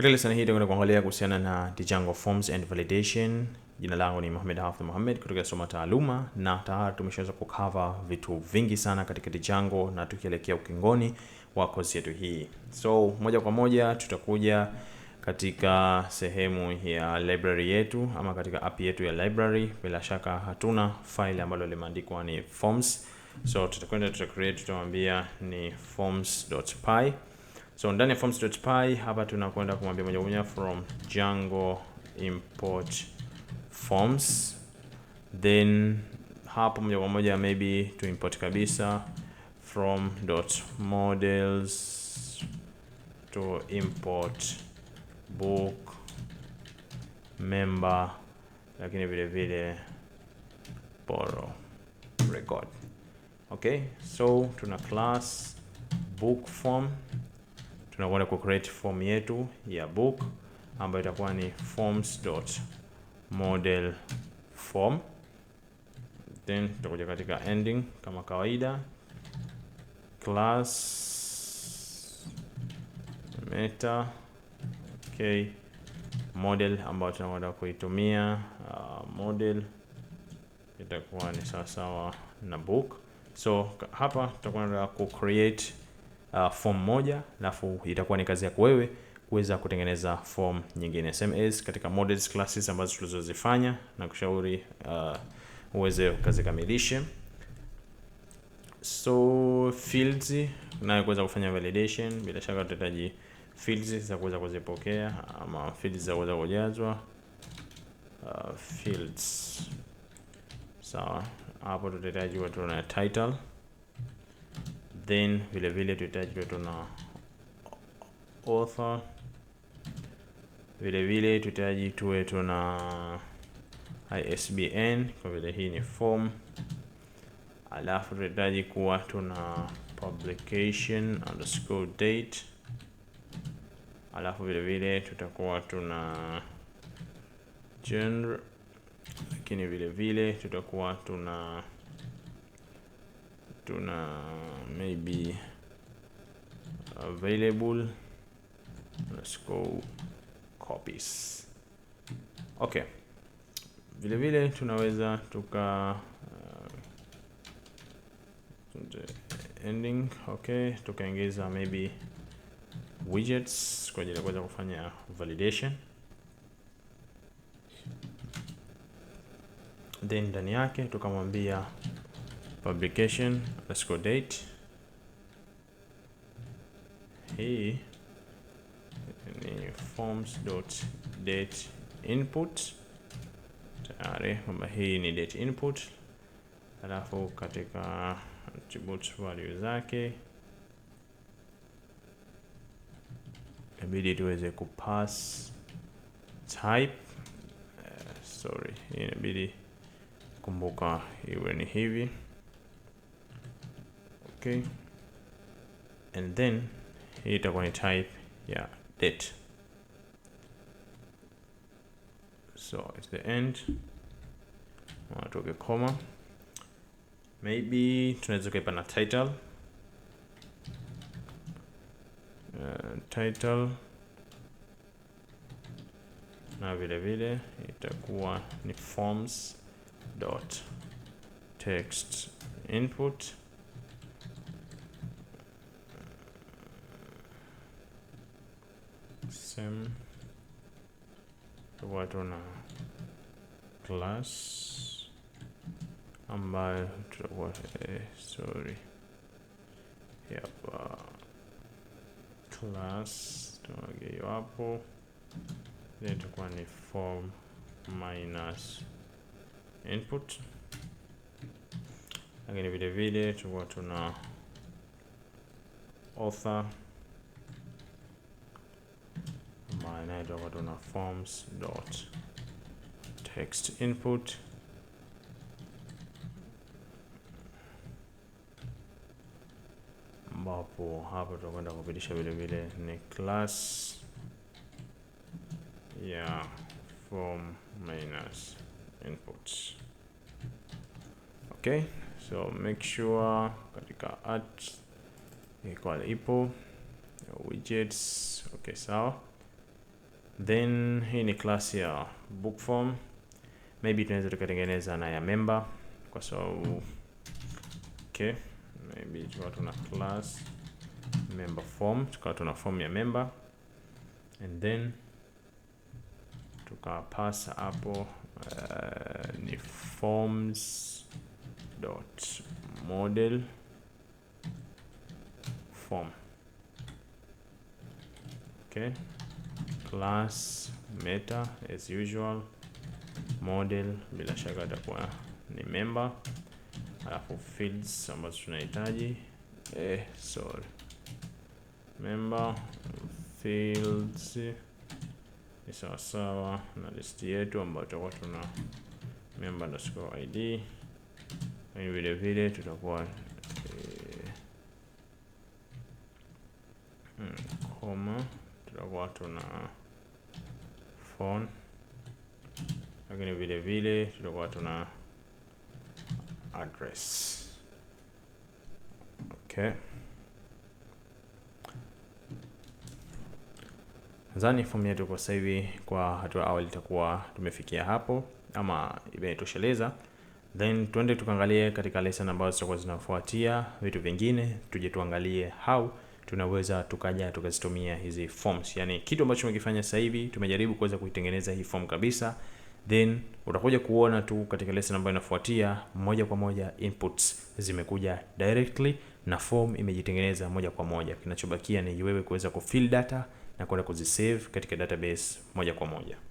Katika lesson hii tutakwenda kuangalia kuhusiana na Django Forms and Validation. Jina langu ni Mohamed Hafidh Mohamed kutoka Soma Taaluma, na tayari tumeshaweza kukava vitu vingi sana katika Django na tukielekea ukingoni wa kozi yetu hii, so moja kwa moja tutakuja katika sehemu ya library yetu ama katika app yetu ya library. Bila shaka hatuna file ambalo limeandikwa ni forms, so tutakwenda tuta create, tutamwambia ni forms.py So ndani ya forms.py hapa tunakwenda kumwambia moja kwa moja from Django import forms, then hapo moja kwa moja maybe to import kabisa from dot models to import book member, lakini vile vile poro record. Okay, so tuna class book form tunakwenda ku create form yetu ya book ambayo itakuwa ni forms.modelForm, then tutakuja katika ending kama kawaida class meta okay, model ambayo tunakwenda kuitumia uh, model itakuwa ni sawasawa na book. So hapa tutakwenda ku create uh, form moja, alafu itakuwa ni kazi yako wewe kuweza kutengeneza form nyingine SMS katika models classes ambazo tulizozifanya na kushauri uh, uweze ukazikamilishe. So fields na kuweza kufanya validation, bila shaka tutahitaji fields za kuweza kuzipokea ama fields za kuweza kujazwa uh, fields sawa. So, hapo tutahitaji watu na title then vile vile tutahitaji tuna author, vile vile tutahitaji tuwe tuna ISBN kwa vile hii ni form, alafu tutahitaji kuwa tuna publication underscore date, alafu vile vile tutakuwa tuna genre, lakini vile vile tutakuwa tuna tuna maybe available let's go copies okay vile vile tunaweza tuka uh, ending okay tukaingiza maybe widgets kwa ajili ya kuweza kufanya validation then ndani yake tukamwambia publication go date. hey ni forms dot date input, tayari kwamba hii ni date input, alafu katika attribute value zake inabidi tuweze kupass type uh, sorry, inabidi kumbuka iwe ni hivi okay and then I going to type yeah date so it's the end I'm a comma maybe to kuipa a title uh, title na vile vile itakuwa ni forms dot text input same huwa tuna class ambayo tutakuwa eh, sorry hapa uh, class tunageio hapo then itakuwa ni form minus input, lakini vile vile tutakuwa tuna author inayotoka tuna forms dot text input ambapo hapa tutakwenda kupitisha vile vile ni class ya form minus input Okay, so make sure katika at equal ipo widgets. Okay, sawa. Then hii ni class ya book form, maybe tunaweza tukatengeneza na ya member kwa sababu okay, maybe tukawa tuna class member form, tukawa tuna form ya member and then tukapasa hapo uh, ni forms dot model form okay class meta as usual model, bila shaka itakuwa ni member, alafu fields ambazo tunahitaji eh, sorry member fields ni sawasawa na list yetu ambayo tutakuwa tuna member underscore id, lakini vile vile tutakuwa eh, hmm, tutakuwa tuna phone, lakini vile vile tutakuwa tuna address. Okay, nadhani fomu yetu kwa sasa hivi kwa hatua awali itakuwa tumefikia hapo ama imetosheleza, then tuende tukaangalie katika lesson ambazo zitakuwa zinafuatia vitu vingine, tuje tuangalie how tunaweza tukaja tukazitumia hizi forms. Yani kitu ambacho tumekifanya sasa hivi tumejaribu kuweza kuitengeneza hii form kabisa, then utakuja kuona tu katika lesson ambayo inafuatia moja kwa moja inputs zimekuja directly na form imejitengeneza moja kwa moja. Kinachobakia ni wewe kuweza kufill data na kwenda kuzisave katika database moja kwa moja.